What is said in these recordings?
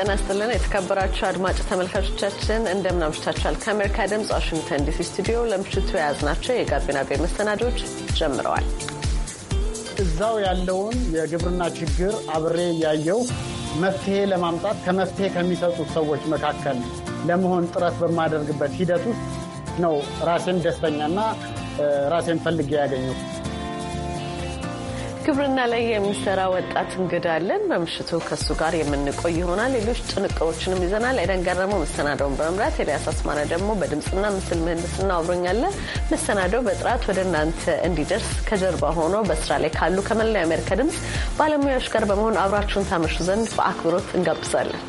ጤና ይስጥልን የተከበራችሁ አድማጭ ተመልካቾቻችን እንደምን ከአሜሪካ ድምፅ ዋሽንግተን ዲሲ ስቱዲዮ ለምሽቱ የያዝናቸው የጋቢና ቤ መሰናዶች ጀምረዋል። እዛው ያለውን የግብርና ችግር አብሬ እያየው መፍትሄ ለማምጣት ከመፍትሄ ከሚሰጡት ሰዎች መካከል ለመሆን ጥረት በማደርግበት ሂደት ውስጥ ነው ራሴን ደስተኛና ራሴን ፈልጌ ያገኘው። ግብርና ላይ የሚሰራ ወጣት እንግዳ አለን። በምሽቱ ከእሱ ጋር የምንቆይ ይሆናል። ሌሎች ጥንቅሮችንም ይዘናል። ኤደን ገረመው መሰናደውን በመምራት ኤልያስ አስማረ ደግሞ በድምፅና ምስል ምህንድስና አብሮኛለ። መሰናደው በጥራት ወደ እናንተ እንዲደርስ ከጀርባ ሆኖ በስራ ላይ ካሉ ከመላው የአሜሪካ ድምፅ ባለሙያዎች ጋር በመሆን አብራችሁን ታመሹ ዘንድ በአክብሮት እንጋብዛለን።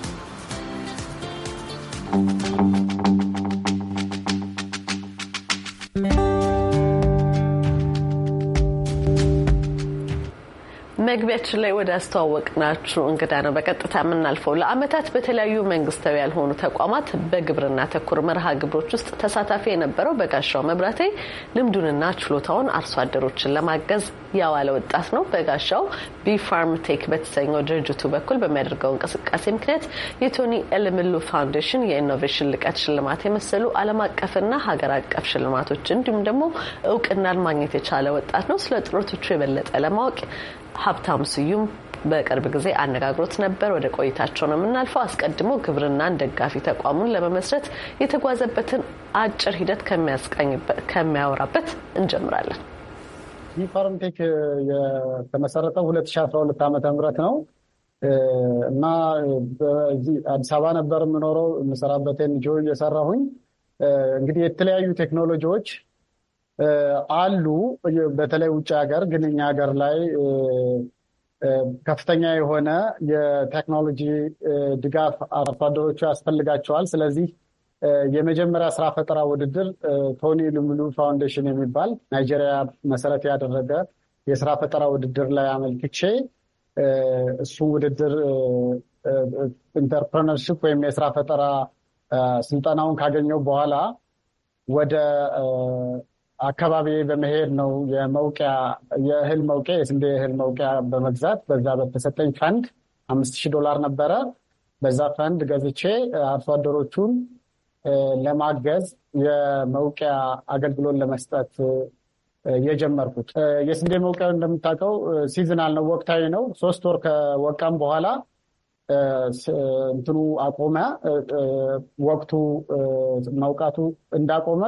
መግቢያችን ላይ ወደ ናችሁ እንግዳ ነው በቀጥታ የምናልፈው። ለአመታት በተለያዩ መንግስታዊ ያልሆኑ ተቋማት በግብርና ተኮር መርሃ ግብሮች ውስጥ ተሳታፊ የነበረው በጋሻው መብራቴ ልምዱንና ችሎታውን አርሶ አደሮችን ለማገዝ ያዋለ ወጣት ነው። በጋሻው ቢፋርም ቴክ በተሰኘው ድርጅቱ በኩል በሚያደርገው እንቅስቃሴ ምክንያት የቶኒ ኤልምሉ ፋውንዴሽን የኢኖቬሽን ልቀት ሽልማት የመሰሉ ዓለም አቀፍና ሀገር አቀፍ ሽልማቶች እንዲሁም ደግሞ እውቅናን ማግኘት የቻለ ወጣት ነው። ስለ ጥረቶቹ የበለጠ ለማወቅ ሀብታም ስዩም በቅርብ ጊዜ አነጋግሮት ነበር። ወደ ቆይታቸው ነው የምናልፈው። አስቀድሞ ግብርናን ደጋፊ ተቋሙን ለመመስረት የተጓዘበትን አጭር ሂደት ከሚያወራበት እንጀምራለን። ይህ ፋርምቴክ የተመሰረተው 2012 ዓ ም ነው እና አዲስ አበባ ነበር የምኖረው የምሰራበት ንጆ እየሰራሁኝ እንግዲህ የተለያዩ ቴክኖሎጂዎች አሉ። በተለይ ውጭ ሀገር ግን እኛ ሀገር ላይ ከፍተኛ የሆነ የቴክኖሎጂ ድጋፍ አርሶ አደሮቹ ያስፈልጋቸዋል። ስለዚህ የመጀመሪያ ስራ ፈጠራ ውድድር ቶኒ ልምሉ ፋውንዴሽን የሚባል ናይጄሪያ መሰረት ያደረገ የስራ ፈጠራ ውድድር ላይ አመልክቼ እሱ ውድድር ኢንተርፕረነርሽፕ ወይም የስራ ፈጠራ ስልጠናውን ካገኘው በኋላ ወደ አካባቢ በመሄድ ነው የመውቂያ የእህል መውቂያ የስንዴ እህል መውቂያ በመግዛት በዛ በተሰጠኝ ፈንድ አምስት ሺህ ዶላር ነበረ። በዛ ፈንድ ገዝቼ አርሶ አደሮቹን ለማገዝ የመውቂያ አገልግሎት ለመስጠት የጀመርኩት። የስንዴ መውቂያ እንደምታውቀው ሲዝናል ነው፣ ወቅታዊ ነው። ሶስት ወር ከወቃም በኋላ እንትኑ አቆመ። ወቅቱ መውቃቱ እንዳቆመ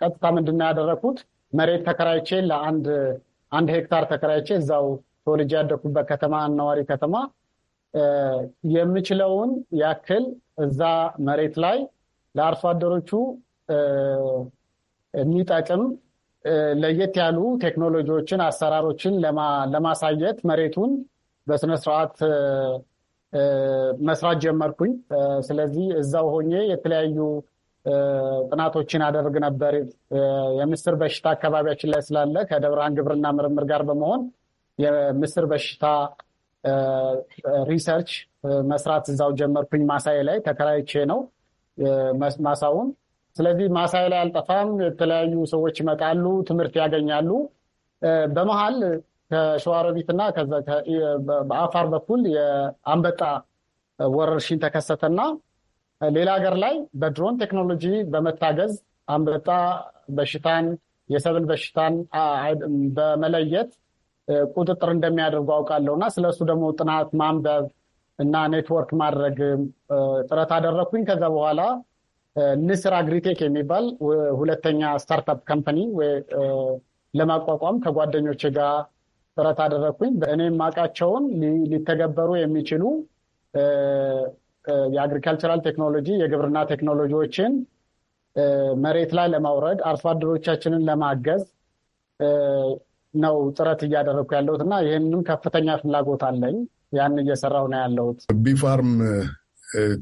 ቀጥታ ምንድን ነው ያደረኩት? መሬት ተከራይቼ ለአንድ አንድ ሄክታር ተከራይቼ እዛው ተወልጄ ያደኩበት ከተማ አነዋሪ ከተማ የምችለውን ያክል እዛ መሬት ላይ ለአርሶ አደሮቹ የሚጠቅም ለየት ያሉ ቴክኖሎጂዎችን፣ አሰራሮችን ለማሳየት መሬቱን በስነስርዓት መስራት ጀመርኩኝ። ስለዚህ እዛው ሆኜ የተለያዩ ጥናቶችን አደርግ ነበር። የምስር በሽታ አካባቢያችን ላይ ስላለ ከደብረሃን ግብርና ምርምር ጋር በመሆን የምስር በሽታ ሪሰርች መስራት እዛው ጀመርኩኝ። ማሳዬ ላይ ተከራይቼ ነው ማሳውን። ስለዚህ ማሳዬ ላይ አልጠፋም። የተለያዩ ሰዎች ይመጣሉ፣ ትምህርት ያገኛሉ። በመሀል ከሸዋሮቢትና በአፋር በኩል የአንበጣ ወረርሽኝ ተከሰተና ሌላ ሀገር ላይ በድሮን ቴክኖሎጂ በመታገዝ አንበጣ በሽታን የሰብል በሽታን በመለየት ቁጥጥር እንደሚያደርጉ አውቃለሁ እና ስለ እሱ ደግሞ ጥናት ማንበብ እና ኔትወርክ ማድረግ ጥረት አደረግኩኝ። ከዛ በኋላ ንስር አግሪቴክ የሚባል ሁለተኛ ስታርታፕ ካምፓኒ ለማቋቋም ከጓደኞች ጋር ጥረት አደረግኩኝ። በእኔ የማውቃቸውን ሊተገበሩ የሚችሉ የአግሪካልቸራል ቴክኖሎጂ የግብርና ቴክኖሎጂዎችን መሬት ላይ ለማውረድ አርሶ አደሮቻችንን ለማገዝ ነው ጥረት እያደረግኩ ያለሁት እና ይህንም ከፍተኛ ፍላጎት አለኝ። ያን እየሰራሁ ነው ያለሁት። ቢፋርም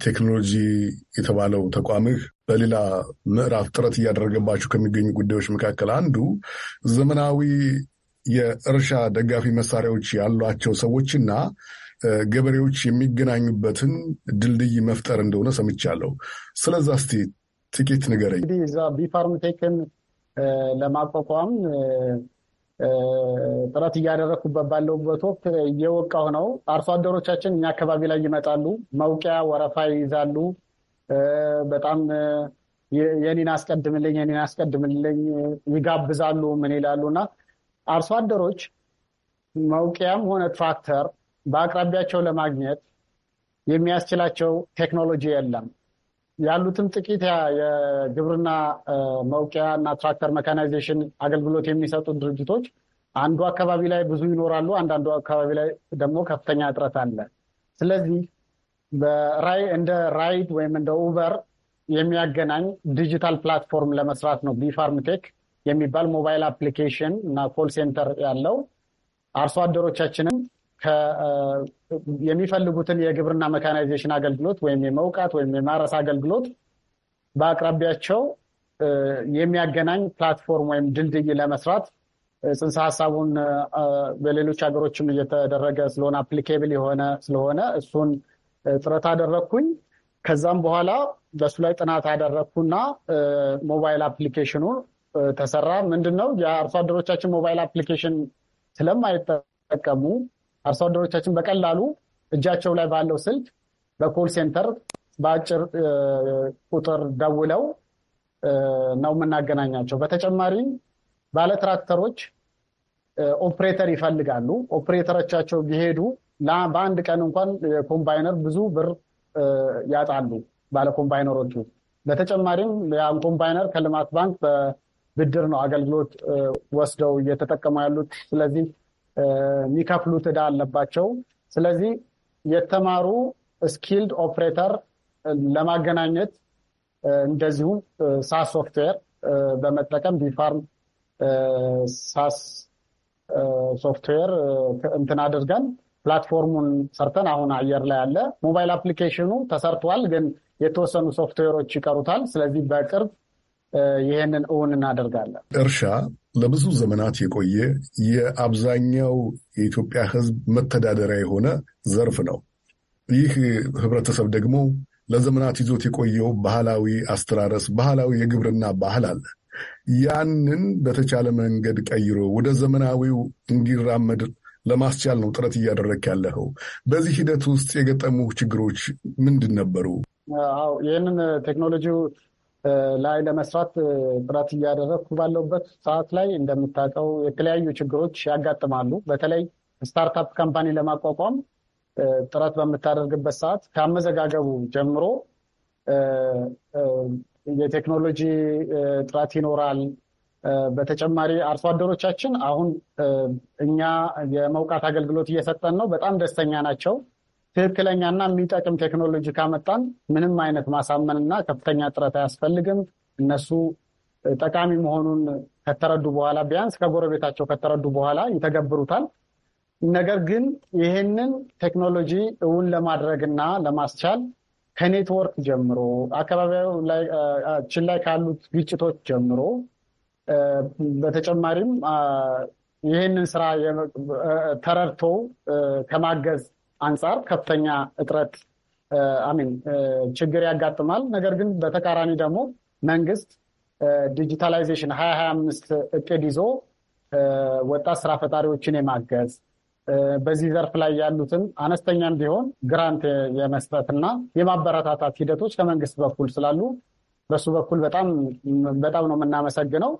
ቴክኖሎጂ የተባለው ተቋምህ በሌላ ምዕራፍ ጥረት እያደረገባቸው ከሚገኙ ጉዳዮች መካከል አንዱ ዘመናዊ የእርሻ ደጋፊ መሳሪያዎች ያሏቸው ሰዎችና ገበሬዎች የሚገናኙበትን ድልድይ መፍጠር እንደሆነ ሰምቻለሁ። ስለዛ እስቲ ጥቂት ንገረኝ። እንግዲህ እዛ ቢፋርምቴክን ለማቋቋም ጥረት እያደረግኩበት ባለውበት ወቅት እየወቃሁ ነው። አርሶ አደሮቻችን እኛ አካባቢ ላይ ይመጣሉ፣ መውቂያ ወረፋ ይይዛሉ። በጣም የኔን አስቀድምልኝ፣ የኔን አስቀድምልኝ ይጋብዛሉ። ምን ይላሉ እና አርሶ አደሮች መውቂያም ሆነ ትራክተር በአቅራቢያቸው ለማግኘት የሚያስችላቸው ቴክኖሎጂ የለም። ያሉትም ጥቂት የግብርና መውቂያ እና ትራክተር መካናይዜሽን አገልግሎት የሚሰጡ ድርጅቶች አንዱ አካባቢ ላይ ብዙ ይኖራሉ፣ አንዳንዱ አካባቢ ላይ ደግሞ ከፍተኛ እጥረት አለ። ስለዚህ እንደ ራይድ ወይም እንደ ኡበር የሚያገናኝ ዲጂታል ፕላትፎርም ለመስራት ነው ቢፋርምቴክ የሚባል ሞባይል አፕሊኬሽን እና ኮል ሴንተር ያለው አርሶ አደሮቻችንም የሚፈልጉትን የግብርና መካናይዜሽን አገልግሎት ወይም የመውቃት ወይም የማረስ አገልግሎት በአቅራቢያቸው የሚያገናኝ ፕላትፎርም ወይም ድልድይ ለመስራት ጽንሰ ሀሳቡን በሌሎች ሀገሮችም እየተደረገ ስለሆነ አፕሊኬብል የሆነ ስለሆነ እሱን ጥረት አደረግኩኝ። ከዛም በኋላ በእሱ ላይ ጥናት አደረግኩና ሞባይል አፕሊኬሽኑ ተሰራ። ምንድን ነው የአርሶ አደሮቻችን ሞባይል አፕሊኬሽን ስለማይጠቀሙ አርሶ አደሮቻችን በቀላሉ እጃቸው ላይ ባለው ስልክ በኮል ሴንተር በአጭር ቁጥር ደውለው ነው የምናገናኛቸው። በተጨማሪም ባለ ትራክተሮች ኦፕሬተር ይፈልጋሉ። ኦፕሬተሮቻቸው ቢሄዱ በአንድ ቀን እንኳን ኮምባይነር ብዙ ብር ያጣሉ ባለ ኮምባይነሮቹ። በተጨማሪም ያን ኮምባይነር ከልማት ባንክ ብድር ነው አገልግሎት ወስደው እየተጠቀሙ ያሉት። ስለዚህ የሚከፍሉት ዕዳ አለባቸው። ስለዚህ የተማሩ ስኪልድ ኦፕሬተር ለማገናኘት እንደዚሁም ሳስ ሶፍትዌር በመጠቀም ቢፋርም ሳስ ሶፍትዌር እንትን አድርገን ፕላትፎርሙን ሰርተን አሁን አየር ላይ አለ ሞባይል አፕሊኬሽኑ ተሰርቷል፣ ግን የተወሰኑ ሶፍትዌሮች ይቀሩታል። ስለዚህ በቅርብ ይህንን እውን እናደርጋለን። እርሻ ለብዙ ዘመናት የቆየ የአብዛኛው የኢትዮጵያ ሕዝብ መተዳደሪያ የሆነ ዘርፍ ነው። ይህ ህብረተሰብ ደግሞ ለዘመናት ይዞት የቆየው ባህላዊ አስተራረስ፣ ባህላዊ የግብርና ባህል አለ። ያንን በተቻለ መንገድ ቀይሮ ወደ ዘመናዊው እንዲራመድ ለማስቻል ነው ጥረት እያደረክ ያለኸው። በዚህ ሂደት ውስጥ የገጠሙ ችግሮች ምንድን ነበሩ? ይህንን ቴክኖሎጂው ላይ ለመስራት ጥረት እያደረግኩ ባለውበት ሰዓት ላይ እንደምታውቀው የተለያዩ ችግሮች ያጋጥማሉ። በተለይ ስታርታፕ ካምፓኒ ለማቋቋም ጥረት በምታደርግበት ሰዓት ከአመዘጋገቡ ጀምሮ የቴክኖሎጂ ጥረት ይኖራል። በተጨማሪ አርሶ አደሮቻችን አሁን እኛ የመውቃት አገልግሎት እየሰጠን ነው፣ በጣም ደስተኛ ናቸው። ትክክለኛና የሚጠቅም ቴክኖሎጂ ካመጣን ምንም አይነት ማሳመንና ከፍተኛ ጥረት አያስፈልግም። እነሱ ጠቃሚ መሆኑን ከተረዱ በኋላ ቢያንስ ከጎረቤታቸው ከተረዱ በኋላ ይተገብሩታል። ነገር ግን ይህንን ቴክኖሎጂ እውን ለማድረግና ለማስቻል ከኔትወርክ ጀምሮ አካባቢችን ላይ ካሉት ግጭቶች ጀምሮ በተጨማሪም ይህንን ስራ ተረድቶ ከማገዝ አንጻር ከፍተኛ እጥረት አሚን ችግር ያጋጥማል። ነገር ግን በተቃራኒ ደግሞ መንግስት ዲጂታላይዜሽን ሀያ ሀያ አምስት እቅድ ይዞ ወጣት ስራ ፈጣሪዎችን የማገዝ በዚህ ዘርፍ ላይ ያሉትን አነስተኛም ቢሆን ግራንት የመስጠትና የማበረታታት ሂደቶች ከመንግስት በኩል ስላሉ በሱ በኩል በጣም በጣም ነው የምናመሰግነው።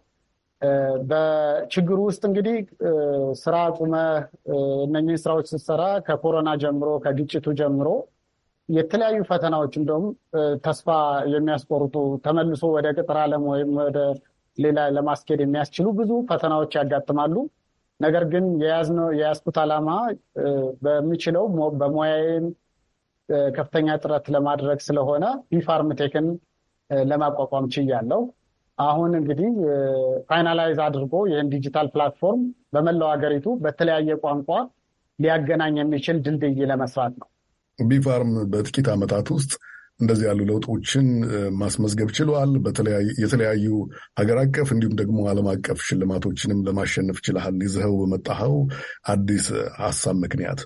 በችግሩ ውስጥ እንግዲህ ስራ ቁመህ እነኚህን ስራዎች ስትሰራ ከኮሮና ጀምሮ ከግጭቱ ጀምሮ የተለያዩ ፈተናዎች እንደውም ተስፋ የሚያስቆርጡ ተመልሶ ወደ ቅጥር ዓለም ወይም ወደ ሌላ ለማስኬድ የሚያስችሉ ብዙ ፈተናዎች ያጋጥማሉ። ነገር ግን የያዝኩት ዓላማ በሚችለው በሙያዬም ከፍተኛ ጥረት ለማድረግ ስለሆነ ቢፋርምቴክን ለማቋቋም ችያለሁ። አሁን እንግዲህ ፋይናላይዝ አድርጎ ይህን ዲጂታል ፕላትፎርም በመላው ሀገሪቱ በተለያየ ቋንቋ ሊያገናኝ የሚችል ድልድይ ለመስራት ነው። ቢፋርም በጥቂት ዓመታት ውስጥ እንደዚህ ያሉ ለውጦችን ማስመዝገብ ችሏል። የተለያዩ ሀገር አቀፍ እንዲሁም ደግሞ ዓለም አቀፍ ሽልማቶችንም ለማሸነፍ ችልሃል። ይዘኸው በመጣኸው አዲስ ሀሳብ ምክንያት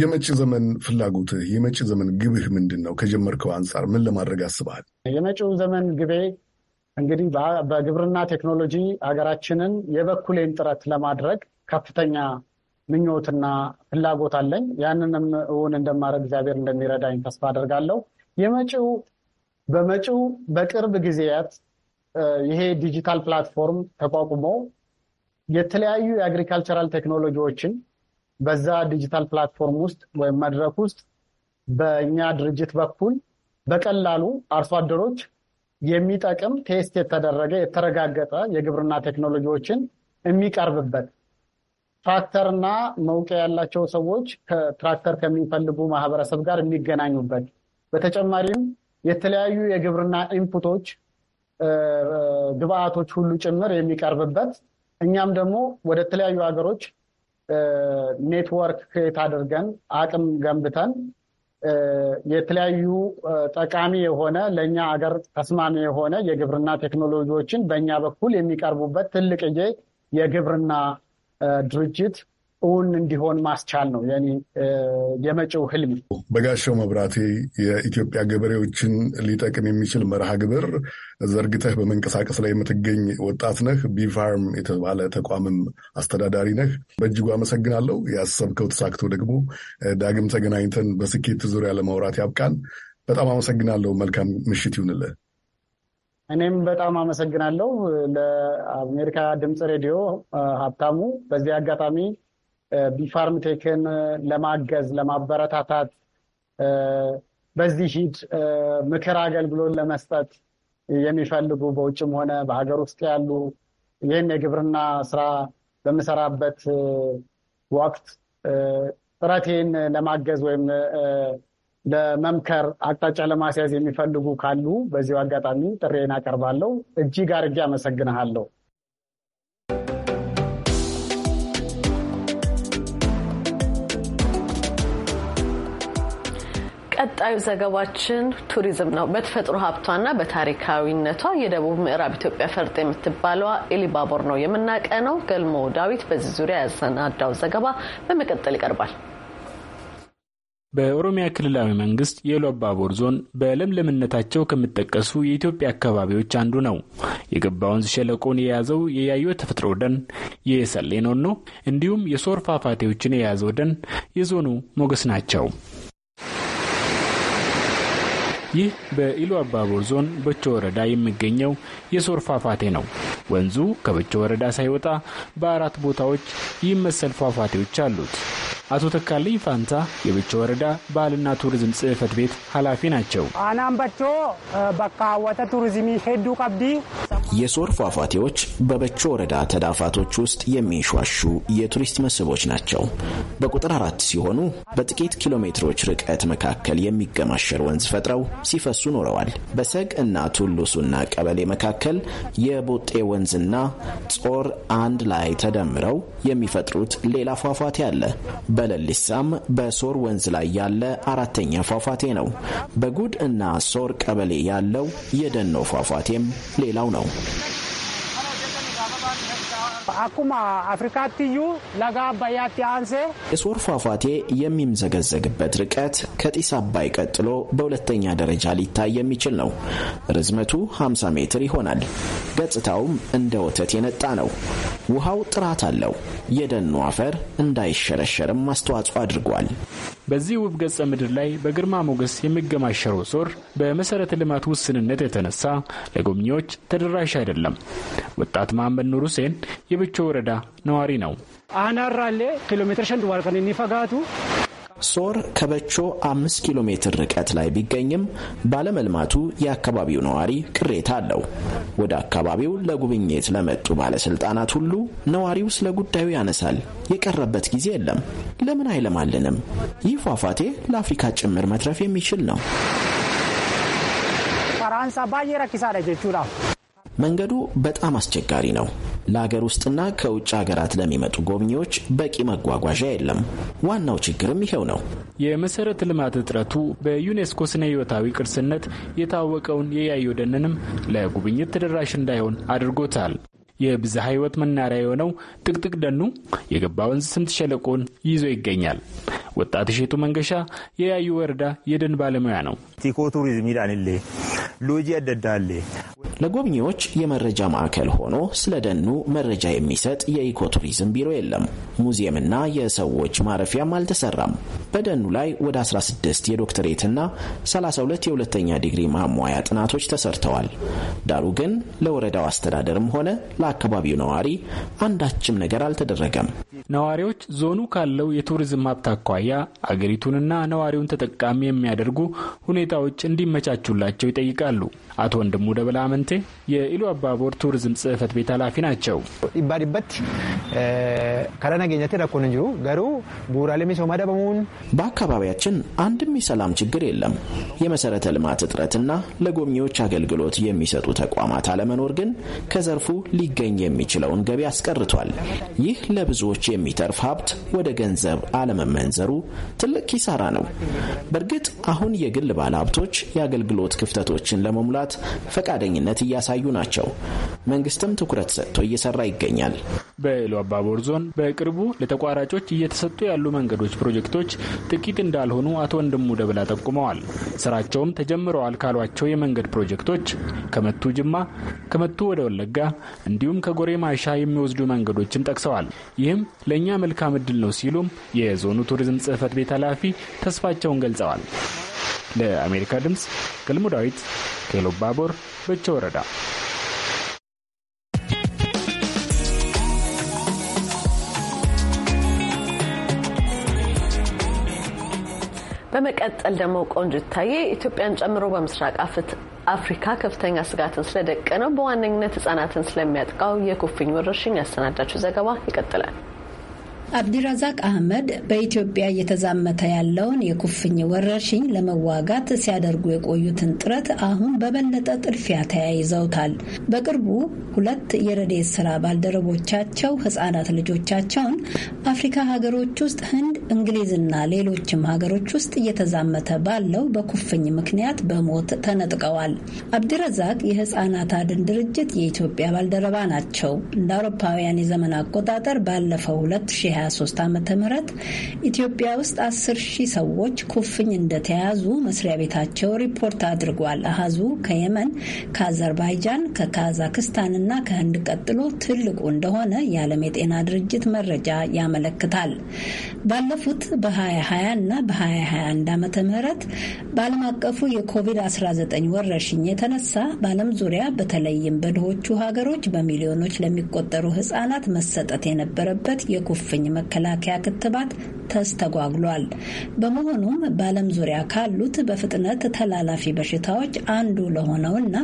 የመጪ ዘመን ፍላጎትህ፣ የመጪ ዘመን ግብህ ምንድን ነው? ከጀመርከው አንጻር ምን ለማድረግ አስበሃል? የመጪው ዘመን ግቤ እንግዲህ በግብርና ቴክኖሎጂ ሀገራችንን የበኩሌን ጥረት ለማድረግ ከፍተኛ ምኞትና ፍላጎት አለኝ። ያንንም እውን እንደማድረግ እግዚአብሔር እንደሚረዳኝ ተስፋ አደርጋለሁ። የመጪው በመጪው በቅርብ ጊዜያት ይሄ ዲጂታል ፕላትፎርም ተቋቁሞ የተለያዩ የአግሪካልቸራል ቴክኖሎጂዎችን በዛ ዲጂታል ፕላትፎርም ውስጥ ወይም መድረክ ውስጥ በእኛ ድርጅት በኩል በቀላሉ አርሶ አደሮች የሚጠቅም ቴስት የተደረገ የተረጋገጠ የግብርና ቴክኖሎጂዎችን የሚቀርብበት ትራክተርና መውቂያ ያላቸው ሰዎች ትራክተር ከሚፈልጉ ማህበረሰብ ጋር የሚገናኙበት በተጨማሪም የተለያዩ የግብርና ኢንፑቶች ግብአቶች ሁሉ ጭምር የሚቀርብበት እኛም ደግሞ ወደ ተለያዩ ሀገሮች ኔትወርክ ክሬት አድርገን አቅም ገንብተን የተለያዩ ጠቃሚ የሆነ ለእኛ አገር ተስማሚ የሆነ የግብርና ቴክኖሎጂዎችን በእኛ በኩል የሚቀርቡበት ትልቅዬ የግብርና ድርጅት እውን እንዲሆን ማስቻል ነው የኔ የመጪው ህልም። በጋሻው መብራቴ የኢትዮጵያ ገበሬዎችን ሊጠቅም የሚችል መርሃ ግብር ዘርግተህ በመንቀሳቀስ ላይ የምትገኝ ወጣት ነህ። ቢፋርም የተባለ ተቋምም አስተዳዳሪ ነህ። በእጅጉ አመሰግናለሁ። ያሰብከው ተሳክቶ ደግሞ ዳግም ተገናኝተን በስኬት ዙሪያ ለማውራት ያብቃን። በጣም አመሰግናለሁ። መልካም ምሽት ይሁንልህ። እኔም በጣም አመሰግናለሁ ለአሜሪካ ድምፅ ሬዲዮ ሀብታሙ። በዚህ አጋጣሚ ቴክን ለማገዝ ለማበረታታት በዚህ ሂድ ምክር አገልግሎት ለመስጠት የሚፈልጉ በውጭም ሆነ በሀገር ውስጥ ያሉ ይህን የግብርና ስራ በምሰራበት ወቅት ጥረቴን ለማገዝ ወይም ለመምከር አቅጣጫ ለማስያዝ የሚፈልጉ ካሉ በዚሁ አጋጣሚ ጥሬን አቀርባለሁ። እጅግ አድርጌ አመሰግንሃለሁ። ቀጣዩ ዘገባችን ቱሪዝም ነው። በተፈጥሮ ሀብቷና በታሪካዊነቷ የደቡብ ምዕራብ ኢትዮጵያ ፈርጥ የምትባለዋ ኤሊባቦር ነው የምናቀ ነው ገልሞ ዳዊት በዚህ ዙሪያ ያሰናዳው ዘገባ በመቀጠል ይቀርባል። በኦሮሚያ ክልላዊ መንግስት የኢሉአባቦር ዞን በለምለምነታቸው ከሚጠቀሱ የኢትዮጵያ አካባቢዎች አንዱ ነው። የገባ ወንዝ ሸለቆን የያዘው የያዩ ተፈጥሮ ደን የሰሌኖኖ እንዲሁም የሶር ፏፏቴዎችን የያዘው ደን የዞኑ ሞገስ ናቸው። ይህ በኢሉ አባቦር ዞን በቾ ወረዳ የሚገኘው የሶር ፏፏቴ ነው። ወንዙ ከበቾ ወረዳ ሳይወጣ በአራት ቦታዎች ይመሰል ፏፏቴዎች አሉት። አቶ ተካልኝ ፋንታ የበቾ ወረዳ ባህልና ቱሪዝም ጽህፈት ቤት ኃላፊ ናቸው። አናም በቾ በካወተ ቱሪዝሚ ሄዱ ቀብዲ የሶር ፏፏቴዎች በበቾ ወረዳ ተዳፋቶች ውስጥ የሚንሿሹ የቱሪስት መስህቦች ናቸው። በቁጥር አራት ሲሆኑ በጥቂት ኪሎ ሜትሮች ርቀት መካከል የሚገማሸር ወንዝ ፈጥረው ሲፈሱ ኖረዋል። በሰግ እና ቱሉሱና ቀበሌ መካከል የቦጤ ወንዝና ጾር አንድ ላይ ተደምረው የሚፈጥሩት ሌላ ፏፏቴ አለ። በለሊሳም በሶር ወንዝ ላይ ያለ አራተኛ ፏፏቴ ነው። በጉድ እና ሶር ቀበሌ ያለው የደኖ ፏፏቴም ሌላው ነው። አኩማ አፍሪካትዩ ለጋ አባያት አንሴ የሶር ፏፏቴ የሚምዘገዘግበት ርቀት ከጢስ አባይ ቀጥሎ በሁለተኛ ደረጃ ሊታይ የሚችል ነው። ርዝመቱ 50 ሜትር ይሆናል። ገጽታውም እንደ ወተት የነጣ ነው። ውሃው ጥራት አለው። የደኑ አፈር እንዳይሸረሸርም አስተዋጽኦ አድርጓል። በዚህ ውብ ገጸ ምድር ላይ በግርማ ሞገስ የሚገማሸረው ሶር በመሰረተ ልማት ውስንነት የተነሳ ለጎብኚዎች ተደራሽ አይደለም። ወጣት መሐመድ ኑር ሁሴን የብቾ ወረዳ ነዋሪ ነው። አናራሌ ኪሎ ሜትር ሸንድ ዋልቀን ኒፈጋቱ ሶር ከበቾ አምስት ኪሎ ሜትር ርቀት ላይ ቢገኝም ባለመልማቱ የአካባቢው ነዋሪ ቅሬታ አለው። ወደ አካባቢው ለጉብኝት ለመጡ ባለስልጣናት ሁሉ ነዋሪው ስለ ጉዳዩ ያነሳል። የቀረበት ጊዜ የለም። ለምን አይለማልንም? ይህ ፏፏቴ ለአፍሪካ ጭምር መትረፍ የሚችል ነው። ፈራንሳ ጀቹ መንገዱ በጣም አስቸጋሪ ነው። ለአገር ውስጥና ከውጭ ሀገራት ለሚመጡ ጎብኚዎች በቂ መጓጓዣ የለም። ዋናው ችግርም ይሄው ነው። የመሰረተ ልማት እጥረቱ በዩኔስኮ ስነ ህይወታዊ ቅርስነት የታወቀውን የያዩ ደንንም ለጉብኝት ተደራሽ እንዳይሆን አድርጎታል። የብዝሃ ህይወት መናሪያ የሆነው ጥቅጥቅ ደኑ የገባ ወንዝ ስምጥ ሸለቆን ይዞ ይገኛል። ወጣት እሸቱ መንገሻ የያዩ ወረዳ የደን ባለሙያ ነው። ቱሪዝም ይዳንሌ ሎጂ ያደዳሌ ለጎብኚዎች የመረጃ ማዕከል ሆኖ ስለ ደኑ መረጃ የሚሰጥ የኢኮ ቱሪዝም ቢሮ የለም። ሙዚየምና የሰዎች ማረፊያም አልተሰራም። በደኑ ላይ ወደ 16 የዶክተሬትና 32 የሁለተኛ ዲግሪ ማሟያ ጥናቶች ተሰርተዋል። ዳሩ ግን ለወረዳው አስተዳደርም ሆነ ለአካባቢው ነዋሪ አንዳችም ነገር አልተደረገም። ነዋሪዎች ዞኑ ካለው የቱሪዝም ሀብት አኳያ አገሪቱንና ነዋሪውን ተጠቃሚ የሚያደርጉ ሁኔታዎች እንዲመቻቹላቸው ይጠይቃሉ። አቶ ወንድሙ ደበላ ሳምንቴ የኢሉ አባቦር ቱሪዝም ጽህፈት ቤት ኃላፊ ናቸው። ይባድበት ከረና ገኘት ረኮን እንጂ ገሩ ቡራሌ ሚሶማ በመሆን በአካባቢያችን አንድም የሰላም ችግር የለም። የመሰረተ ልማት እጥረትና ለጎብኚዎች አገልግሎት የሚሰጡ ተቋማት አለመኖር ግን ከዘርፉ ሊገኝ የሚችለውን ገቢ አስቀርቷል። ይህ ለብዙዎች የሚተርፍ ሀብት ወደ ገንዘብ አለመመንዘሩ ትልቅ ኪሳራ ነው። በእርግጥ አሁን የግል ባለሀብቶች የአገልግሎት ክፍተቶችን ለመሙላት ፈቃደኝነት እድገት እያሳዩ ናቸው። መንግስትም ትኩረት ሰጥቶ እየሰራ ይገኛል። በኢሉ አባቦር ዞን በቅርቡ ለተቋራጮች እየተሰጡ ያሉ መንገዶች ፕሮጀክቶች ጥቂት እንዳልሆኑ አቶ ወንድሙ ደብላ ጠቁመዋል። ስራቸውም ተጀምረዋል ካሏቸው የመንገድ ፕሮጀክቶች ከመቱ ጅማ፣ ከመቱ ወደ ወለጋ እንዲሁም ከጎሬ ማሻ የሚወስዱ መንገዶችን ጠቅሰዋል። ይህም ለእኛ መልካም እድል ነው ሲሉም የዞኑ ቱሪዝም ጽህፈት ቤት ኃላፊ ተስፋቸውን ገልጸዋል። ለአሜሪካ ድምፅ ገልሞ ዳዊት ኬሎ ባቦር በቸ ወረዳ። በመቀጠል ደግሞ ይታየ ኢትዮጵያን ጨምሮ በምስራቅ አፍሪካ ከፍተኛ ስጋትን ስለደቀነው በዋነኝነት ህጻናትን ስለሚያጥቃው የኩፍኝ ወረርሽኝ ያሰናዳችው ዘገባ ይቀጥላል። አብዲራዛቅ አህመድ በኢትዮጵያ እየተዛመተ ያለውን የኩፍኝ ወረርሽኝ ለመዋጋት ሲያደርጉ የቆዩትን ጥረት አሁን በበለጠ ጥድፊያ ተያይዘውታል። በቅርቡ ሁለት የረድኤት ስራ ባልደረቦቻቸው ህጻናት ልጆቻቸውን አፍሪካ ሀገሮች ውስጥ ህንድ፣ እንግሊዝና ሌሎችም ሀገሮች ውስጥ እየተዛመተ ባለው በኩፍኝ ምክንያት በሞት ተነጥቀዋል። አብዲረዛቅ የህጻናት አድን ድርጅት የኢትዮጵያ ባልደረባ ናቸው። እንደ አውሮፓውያን የዘመን አቆጣጠር ባለፈው 2020 2023 ዓ ም ኢትዮጵያ ውስጥ 10 ሺህ ሰዎች ኩፍኝ እንደተያዙ መስሪያ ቤታቸው ሪፖርት አድርጓል። አሃዙ ከየመን፣ ከአዘርባይጃን፣ ከካዛክስታን እና ከህንድ ቀጥሎ ትልቁ እንደሆነ የዓለም የጤና ድርጅት መረጃ ያመለክታል። ባለፉት በ2020 እና በ2021 ዓ ም በዓለም አቀፉ የኮቪድ-19 ወረርሽኝ የተነሳ በዓለም ዙሪያ በተለይም በድሆቹ ሀገሮች በሚሊዮኖች ለሚቆጠሩ ህጻናት መሰጠት የነበረበት የኩፍኝ የመከላከያ ክትባት ተስተጓጉሏል። በመሆኑም በዓለም ዙሪያ ካሉት በፍጥነት ተላላፊ በሽታዎች አንዱ ለሆነውና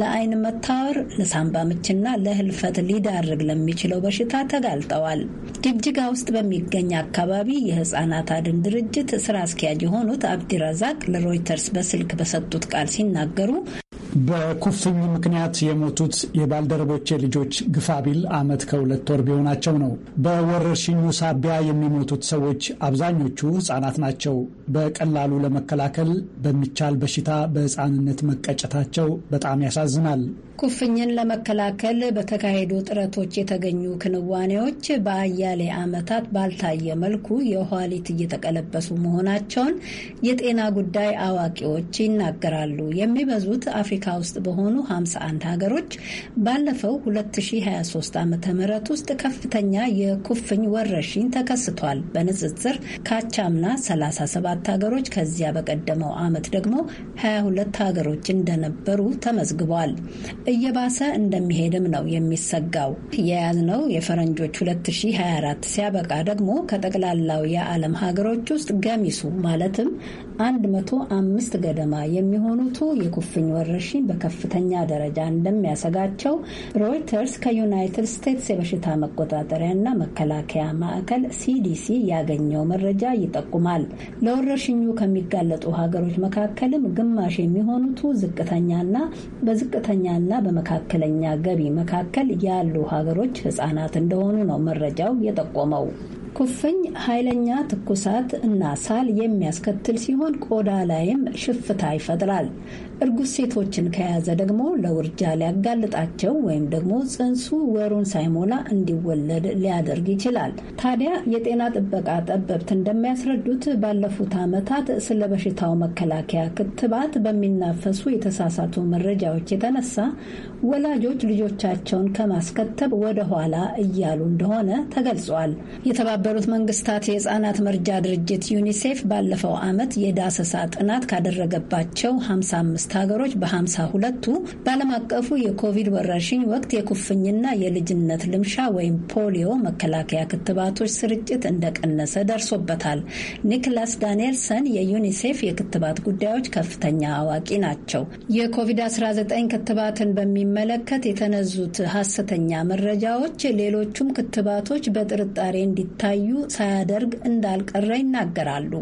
ለአይን መታወር፣ ለሳምባ ምችና ለህልፈት ሊዳርግ ለሚችለው በሽታ ተጋልጠዋል። ጅግጅጋ ውስጥ በሚገኝ አካባቢ የህጻናት አድን ድርጅት ስራ አስኪያጅ የሆኑት አብዲረዛቅ ለሮይተርስ በስልክ በሰጡት ቃል ሲናገሩ በኩፍኝ ምክንያት የሞቱት የባልደረቦቼ ልጆች ግፋቢል ዓመት ከሁለት ወር ቢሆናቸው ነው። በወረርሽኙ ሳቢያ የሚሞቱት ሰዎች ሰዎች አብዛኞቹ ህጻናት ናቸው። በቀላሉ ለመከላከል በሚቻል በሽታ በህፃንነት መቀጨታቸው በጣም ያሳዝናል። ኩፍኝን ለመከላከል በተካሄዱ ጥረቶች የተገኙ ክንዋኔዎች በአያሌ ዓመታት ባልታየ መልኩ የኋሊት እየተቀለበሱ መሆናቸውን የጤና ጉዳይ አዋቂዎች ይናገራሉ። የሚበዙት አፍሪካ ውስጥ በሆኑ 51 ሀገሮች ባለፈው 2023 ዓ ም ውስጥ ከፍተኛ የኩፍኝ ወረርሽኝ ተከስቷል። በንጽጽር ካቻምና 37 ሀገሮች ከዚያ በቀደመው ዓመት ደግሞ 22 ሀገሮች እንደነበሩ ተመዝግቧል። እየባሰ እንደሚሄድም ነው የሚሰጋው። የያዝነው የፈረንጆች 2024 ሲያበቃ ደግሞ ከጠቅላላው የዓለም ሀገሮች ውስጥ ገሚሱ ማለትም አንድ መቶ አምስት ገደማ የሚሆኑቱ የኩፍኝ ወረርሽኝ በከፍተኛ ደረጃ እንደሚያሰጋቸው ሮይተርስ ከዩናይትድ ስቴትስ የበሽታ መቆጣጠሪያና መከላከያ ማዕከል ሲዲሲ ያገኘው መረጃ ይጠቁማል። ለወረርሽኙ ከሚጋለጡ ሀገሮች መካከልም ግማሽ የሚሆኑቱ ዝቅተኛና በዝቅተኛና በመካከለኛ ገቢ መካከል ያሉ ሀገሮች ህጻናት እንደሆኑ ነው መረጃው የጠቆመው። ኩፍኝ ኃይለኛ ትኩሳት እና ሳል የሚያስከትል ሲሆን ቆዳ ላይም ሽፍታ ይፈጥራል። እርጉዝ ሴቶችን ከያዘ ደግሞ ለውርጃ ሊያጋልጣቸው ወይም ደግሞ ጽንሱ ወሩን ሳይሞላ እንዲወለድ ሊያደርግ ይችላል። ታዲያ የጤና ጥበቃ ጠበብት እንደሚያስረዱት ባለፉት ዓመታት ስለ በሽታው መከላከያ ክትባት በሚናፈሱ የተሳሳቱ መረጃዎች የተነሳ ወላጆች ልጆቻቸውን ከማስከተብ ወደ ኋላ እያሉ እንደሆነ ተገልጿል። የተባበሩት መንግስታት የህፃናት መርጃ ድርጅት ዩኒሴፍ ባለፈው ዓመት የዳሰሳ ጥናት ካደረገባቸው 55 አምስት ሀገሮች በሀምሳ ሁለቱ በዓለም አቀፉ የኮቪድ ወረርሽኝ ወቅት የኩፍኝና የልጅነት ልምሻ ወይም ፖሊዮ መከላከያ ክትባቶች ስርጭት እንደቀነሰ ደርሶበታል። ኒክላስ ዳንኤልሰን የዩኒሴፍ የክትባት ጉዳዮች ከፍተኛ አዋቂ ናቸው። የኮቪድ-19 ክትባትን በሚመለከት የተነዙት ሀሰተኛ መረጃዎች ሌሎቹም ክትባቶች በጥርጣሬ እንዲታዩ ሳያደርግ እንዳልቀረ ይናገራሉ።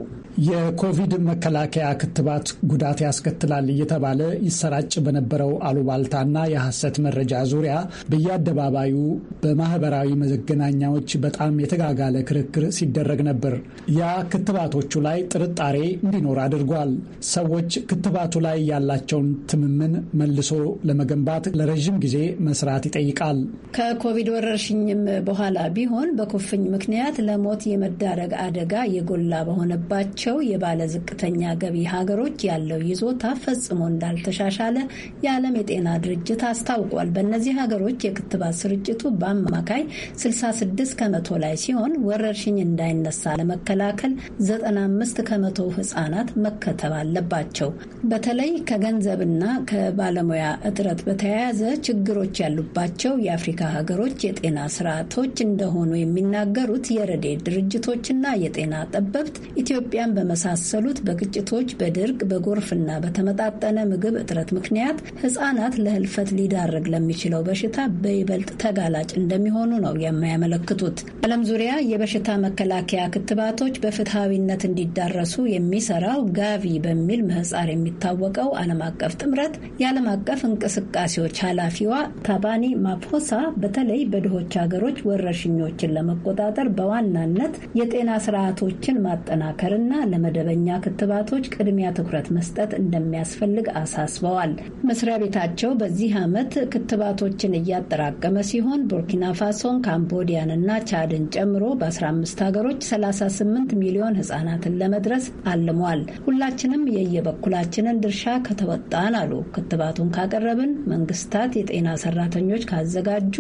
የኮቪድ መከላከያ ክትባት ጉዳት ያስከትላል እየተባለ ይሰራጭ በነበረው አሉባልታና የሐሰት መረጃ ዙሪያ በየአደባባዩ በማህበራዊ መገናኛዎች በጣም የተጋጋለ ክርክር ሲደረግ ነበር። ያ ክትባቶቹ ላይ ጥርጣሬ እንዲኖር አድርጓል። ሰዎች ክትባቱ ላይ ያላቸውን ትምምን መልሶ ለመገንባት ለረዥም ጊዜ መስራት ይጠይቃል። ከኮቪድ ወረርሽኝም በኋላ ቢሆን በኩፍኝ ምክንያት ለሞት የመዳረግ አደጋ የጎላ በሆነባቸው ያላቸው የባለ ዝቅተኛ ገቢ ሀገሮች ያለው ይዞታ ፈጽሞ እንዳልተሻሻለ የዓለም የጤና ድርጅት አስታውቋል። በእነዚህ ሀገሮች የክትባት ስርጭቱ በአማካይ 66 ከመቶ ላይ ሲሆን ወረርሽኝ እንዳይነሳ ለመከላከል 95 ከመቶ ህጻናት መከተብ አለባቸው። በተለይ ከገንዘብና ከባለሙያ እጥረት በተያያዘ ችግሮች ያሉባቸው የአፍሪካ ሀገሮች የጤና ስርዓቶች እንደሆኑ የሚናገሩት የረዴ ድርጅቶችና የጤና ጠበብት ኢትዮጵያን በመሳሰሉት በግጭቶች፣ በድርቅ፣ በጎርፍና በተመጣጠነ ምግብ እጥረት ምክንያት ህጻናት ለህልፈት ሊዳርግ ለሚችለው በሽታ በይበልጥ ተጋላጭ እንደሚሆኑ ነው የሚያመለክቱት። ዓለም ዙሪያ የበሽታ መከላከያ ክትባቶች በፍትሐዊነት እንዲዳረሱ የሚሰራው ጋቪ በሚል ምህጻር የሚታወቀው ዓለም አቀፍ ጥምረት የዓለም አቀፍ እንቅስቃሴዎች ኃላፊዋ ታባኒ ማፖሳ በተለይ በድሆች ሀገሮች ወረርሽኞችን ለመቆጣጠር በዋናነት የጤና ስርዓቶችን ማጠናከርና ለመደበኛ ክትባቶች ቅድሚያ ትኩረት መስጠት እንደሚያስፈልግ አሳስበዋል። መስሪያ ቤታቸው በዚህ ዓመት ክትባቶችን እያጠራቀመ ሲሆን ቡርኪና ፋሶን፣ ካምቦዲያን እና ቻድን ጨምሮ በ15 ሀገሮች 38 ሚሊዮን ህጻናትን ለመድረስ አልሟል። ሁላችንም የየበኩላችንን ድርሻ ከተወጣን አሉ ክትባቱን ካቀረብን፣ መንግስታት የጤና ሰራተኞች ካዘጋጁ፣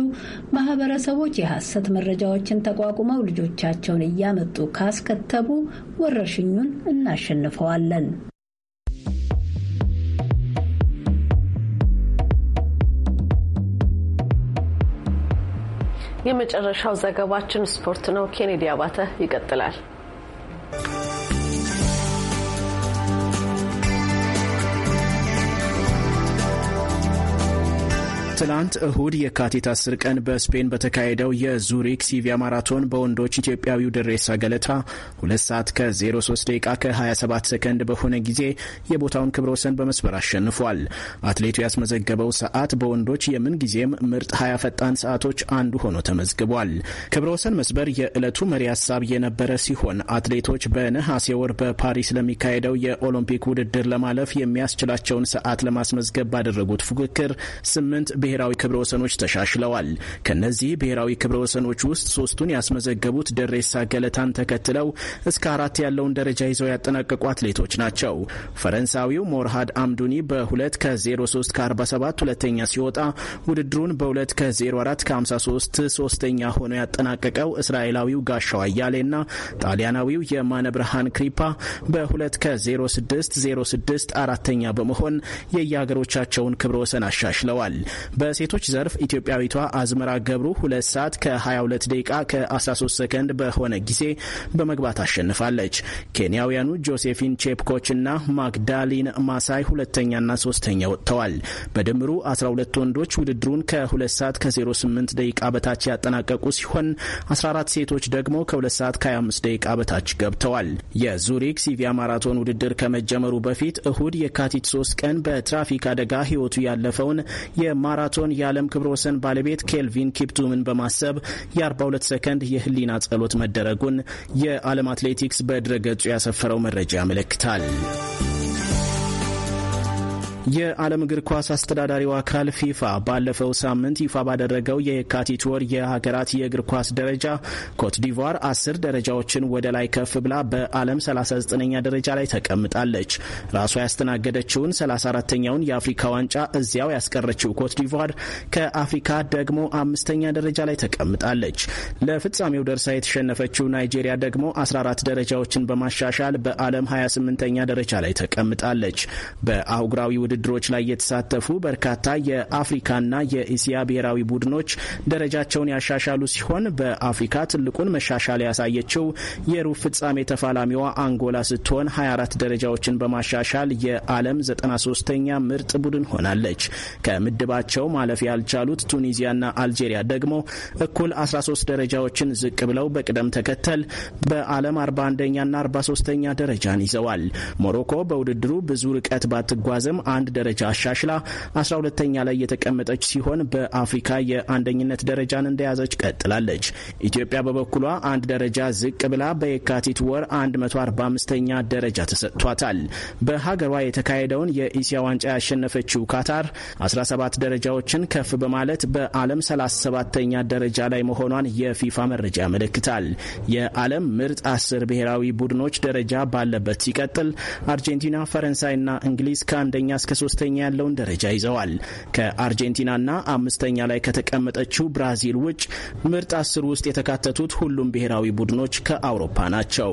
ማህበረሰቦች የሐሰት መረጃዎችን ተቋቁመው ልጆቻቸውን እያመጡ ካስከተቡ ወረርሽኝ ወረርሽኙን እናሸንፈዋለን። የመጨረሻው ዘገባችን ስፖርት ነው። ኬኔዲ አባተ ይቀጥላል። ትላንት እሁድ የካቲት 10 ቀን በስፔን በተካሄደው የዙሪክ ሲቪያ ማራቶን በወንዶች ኢትዮጵያዊው ድሬሳ ገለታ 2 ሰዓት ከ03 ደቂቃ ከ27 ሰከንድ በሆነ ጊዜ የቦታውን ክብረ ወሰን በመስበር አሸንፏል። አትሌቱ ያስመዘገበው ሰዓት በወንዶች የምን ጊዜም ምርጥ 20 ፈጣን ሰዓቶች አንዱ ሆኖ ተመዝግቧል። ክብረ ወሰን መስበር የዕለቱ መሪ ሀሳብ የነበረ ሲሆን አትሌቶች በነሐሴ ወር በፓሪስ ለሚካሄደው የኦሎምፒክ ውድድር ለማለፍ የሚያስችላቸውን ሰዓት ለማስመዝገብ ባደረጉት ፉክክር ስምንት ብሔራዊ ክብረ ወሰኖች ተሻሽለዋል። ከእነዚህ ብሔራዊ ክብረ ወሰኖች ውስጥ ሶስቱን ያስመዘገቡት ደሬሳ ገለታን ተከትለው እስከ አራት ያለውን ደረጃ ይዘው ያጠናቀቁ አትሌቶች ናቸው። ፈረንሳዊው ሞርሃድ አምዱኒ በ2 ከ03 ከ47 ሁለተኛ ሲወጣ ውድድሩን በ2 ከ04 ከ53 ሶስተኛ ሆኖ ያጠናቀቀው እስራኤላዊው ጋሻው አያሌና ጣሊያናዊው የማነ ብርሃን ክሪፓ በ2 ከ06 06 አራተኛ በመሆን የየሀገሮቻቸውን ክብረ ወሰን አሻሽለዋል። በሴቶች ዘርፍ ኢትዮጵያዊቷ አዝመራ ገብሩ ሁለት ሰዓት ከ22 ደቂቃ ከ13 ሰከንድ በሆነ ጊዜ በመግባት አሸንፋለች። ኬንያውያኑ ጆሴፊን ቼፕኮች እና ማግዳሊን ማሳይ ሁለተኛና ሶስተኛ ወጥተዋል። በድምሩ 12 ወንዶች ውድድሩን ከ2 ሰዓት ከ08 ደቂቃ በታች ያጠናቀቁ ሲሆን 14 ሴቶች ደግሞ ከ2 ሰዓት ከ25 ደቂቃ በታች ገብተዋል። የዙሪክ ሲቪያ ማራቶን ውድድር ከመጀመሩ በፊት እሁድ የካቲት 3 ቀን በትራፊክ አደጋ ሕይወቱ ያለፈውን የማራ ማራቶን የዓለም ክብረ ወሰን ባለቤት ኬልቪን ኪፕቱምን በማሰብ የ42 ሰከንድ የህሊና ጸሎት መደረጉን የዓለም አትሌቲክስ በድረገጹ ያሰፈረው መረጃ ያመለክታል። የዓለም እግር ኳስ አስተዳዳሪው አካል ፊፋ ባለፈው ሳምንት ይፋ ባደረገው የካቲት ወር የሀገራት የእግር ኳስ ደረጃ ኮት ዲቫር አስር ደረጃዎችን ወደ ላይ ከፍ ብላ በዓለም 39ኛ ደረጃ ላይ ተቀምጣለች። ራሷ ያስተናገደችውን 34ተኛውን የአፍሪካ ዋንጫ እዚያው ያስቀረችው ኮት ዲቫር ከአፍሪካ ደግሞ አምስተኛ ደረጃ ላይ ተቀምጣለች። ለፍጻሜው ደርሳ የተሸነፈችው ናይጄሪያ ደግሞ 14 ደረጃዎችን በማሻሻል በዓለም 28ኛ ደረጃ ላይ ተቀምጣለች። በአህጉራዊ ውድ ውድድሮች ላይ የተሳተፉ በርካታ የአፍሪካና የእስያ ብሔራዊ ቡድኖች ደረጃቸውን ያሻሻሉ ሲሆን በአፍሪካ ትልቁን መሻሻል ያሳየችው የሩብ ፍጻሜ ተፋላሚዋ አንጎላ ስትሆን 24 ደረጃዎችን በማሻሻል የዓለም 93ኛ ምርጥ ቡድን ሆናለች። ከምድባቸው ማለፍ ያልቻሉት ቱኒዚያና አልጄሪያ ደግሞ እኩል 13 ደረጃዎችን ዝቅ ብለው በቅደም ተከተል በዓለም 41ኛና 43ኛ ደረጃን ይዘዋል። ሞሮኮ በውድድሩ ብዙ ርቀት ባትጓዝም አንድ ደረጃ አሻሽላ 12ተኛ ላይ የተቀመጠች ሲሆን በአፍሪካ የአንደኝነት ደረጃን እንደያዘች ቀጥላለች። ኢትዮጵያ በበኩሏ አንድ ደረጃ ዝቅ ብላ በየካቲት ወር 145ኛ ደረጃ ተሰጥቷታል። በሀገሯ የተካሄደውን የኢሲያ ዋንጫ ያሸነፈችው ካታር 17 ደረጃዎችን ከፍ በማለት በዓለም 37ተኛ ደረጃ ላይ መሆኗን የፊፋ መረጃ ያመለክታል። የዓለም ምርጥ አስር ብሔራዊ ቡድኖች ደረጃ ባለበት ሲቀጥል አርጀንቲና፣ ፈረንሳይና እንግሊዝ ከአንደኛ እስከ ሶስተኛ ያለውን ደረጃ ይዘዋል። ከአርጀንቲናና አምስተኛ ላይ ከተቀመጠችው ብራዚል ውጭ ምርጥ አስር ውስጥ የተካተቱት ሁሉም ብሔራዊ ቡድኖች ከአውሮፓ ናቸው።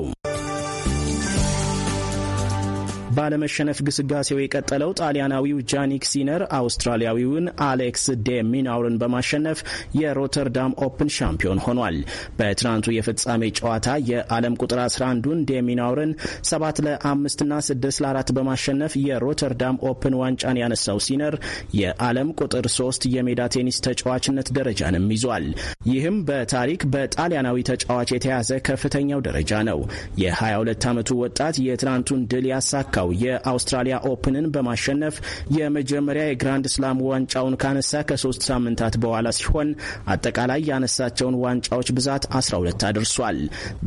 ባለመሸነፍ ግስጋሴው የቀጠለው ጣሊያናዊው ጃኒክ ሲነር አውስትራሊያዊውን አሌክስ ዴ ሚናውርን በማሸነፍ የሮተርዳም ኦፕን ሻምፒዮን ሆኗል። በትናንቱ የፍጻሜ ጨዋታ የዓለም ቁጥር 11ን ዴ ሚናውርን 7 ለ5ና 6 ለ4 በማሸነፍ የሮተርዳም ኦፕን ዋንጫን ያነሳው ሲነር የዓለም ቁጥር 3 የሜዳ ቴኒስ ተጫዋችነት ደረጃንም ይዟል። ይህም በታሪክ በጣሊያናዊ ተጫዋች የተያዘ ከፍተኛው ደረጃ ነው። የ22 ዓመቱ ወጣት የትናንቱን ድል ያሳካው በመጀመሪያው የአውስትራሊያ ኦፕንን በማሸነፍ የመጀመሪያ የግራንድ ስላም ዋንጫውን ካነሳ ከሶስት ሳምንታት በኋላ ሲሆን አጠቃላይ ያነሳቸውን ዋንጫዎች ብዛት 12 አድርሷል።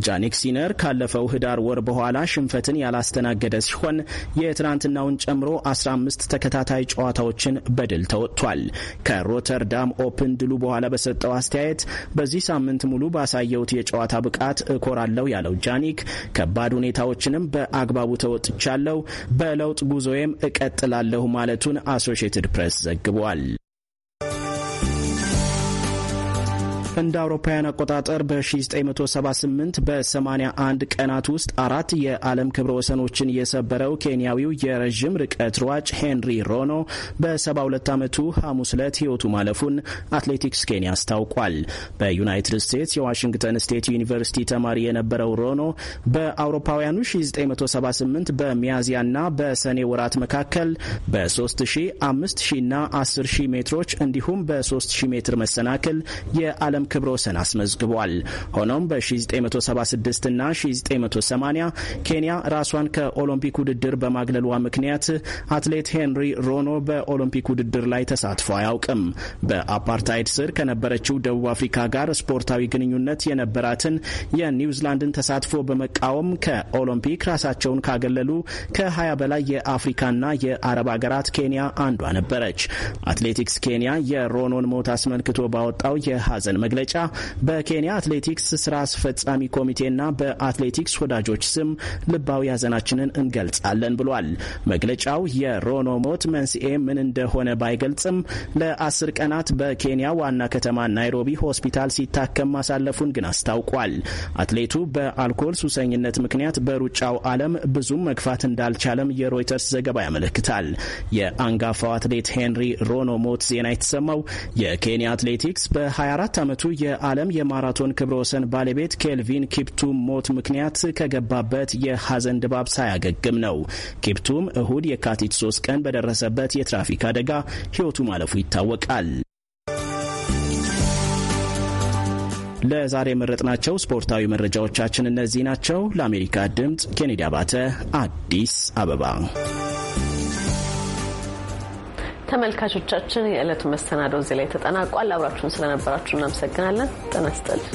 ጃኒክ ሲነር ካለፈው ህዳር ወር በኋላ ሽንፈትን ያላስተናገደ ሲሆን የትናንትናውን ጨምሮ 15 ተከታታይ ጨዋታዎችን በድል ተወጥቷል። ከሮተርዳም ኦፕን ድሉ በኋላ በሰጠው አስተያየት በዚህ ሳምንት ሙሉ ባሳየሁት የጨዋታ ብቃት እኮራለሁ ያለው ጃኒክ ከባድ ሁኔታዎችንም በአግባቡ ተወጥቻለሁ፣ በለውጥ ጉዞዬም እቀጥላለሁ ማለቱን አሶሽየትድ ፕሬስ ዘግቧል። እንደ አውሮፓውያን አቆጣጠር በ1978 በ81 ቀናት ውስጥ አራት የዓለም ክብረ ወሰኖችን የሰበረው ኬንያዊው የረዥም ርቀት ሯጭ ሄንሪ ሮኖ በ72 ዓመቱ ሐሙስ ዕለት ሕይወቱ ማለፉን አትሌቲክስ ኬንያ አስታውቋል። በዩናይትድ ስቴትስ የዋሽንግተን ስቴት ዩኒቨርሲቲ ተማሪ የነበረው ሮኖ በአውሮፓውያኑ 1978 በሚያዝያና በሰኔ ወራት መካከል በ3000፣ 5000ና 10000 ሜትሮች እንዲሁም በ3000 ሜትር መሰናክል የዓለም ክብረ ወሰን አስመዝግቧል። ሆኖም በ1976 እና 1980 ኬንያ ራሷን ከኦሎምፒክ ውድድር በማግለሏ ምክንያት አትሌት ሄንሪ ሮኖ በኦሎምፒክ ውድድር ላይ ተሳትፎ አያውቅም። በአፓርታይድ ስር ከነበረችው ደቡብ አፍሪካ ጋር ስፖርታዊ ግንኙነት የነበራትን የኒውዚላንድን ተሳትፎ በመቃወም ከኦሎምፒክ ራሳቸውን ካገለሉ ከ20 በላይ የአፍሪካና የአረብ ሀገራት ኬንያ አንዷ ነበረች። አትሌቲክስ ኬንያ የሮኖን ሞት አስመልክቶ ባወጣው የሀዘን መግለ መግለጫ በኬንያ አትሌቲክስ ስራ አስፈጻሚ ኮሚቴና በአትሌቲክስ ወዳጆች ስም ልባዊ ሀዘናችንን እንገልጻለን ብሏል። መግለጫው የሮኖ ሞት መንስኤ ምን እንደሆነ ባይገልጽም ለአስር ቀናት በኬንያ ዋና ከተማ ናይሮቢ ሆስፒታል ሲታከም ማሳለፉን ግን አስታውቋል። አትሌቱ በአልኮል ሱሰኝነት ምክንያት በሩጫው ዓለም ብዙም መግፋት እንዳልቻለም የሮይተርስ ዘገባ ያመለክታል። የአንጋፋው አትሌት ሄንሪ ሮኖ ሞት ዜና የተሰማው የኬንያ አትሌቲክስ በ24 ዓመቱ በዕለቱ የዓለም የማራቶን ክብረ ወሰን ባለቤት ኬልቪን ኪፕቱም ሞት ምክንያት ከገባበት የሐዘን ድባብ ሳያገግም ነው። ኪፕቱም እሁድ የካቲት ሶስት ቀን በደረሰበት የትራፊክ አደጋ ሕይወቱ ማለፉ ይታወቃል። ለዛሬ የመረጥናቸው ስፖርታዊ መረጃዎቻችን እነዚህ ናቸው። ለአሜሪካ ድምፅ ኬኔዲ አባተ አዲስ አበባ ተመልካቾቻችን፣ የዕለቱ መሰናዶ እዚህ ላይ ተጠናቋል። አብራችሁን ስለነበራችሁ እናመሰግናለን። ጤና ይስጥልኝ።